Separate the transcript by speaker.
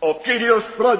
Speaker 1: o Kyrios Prodis.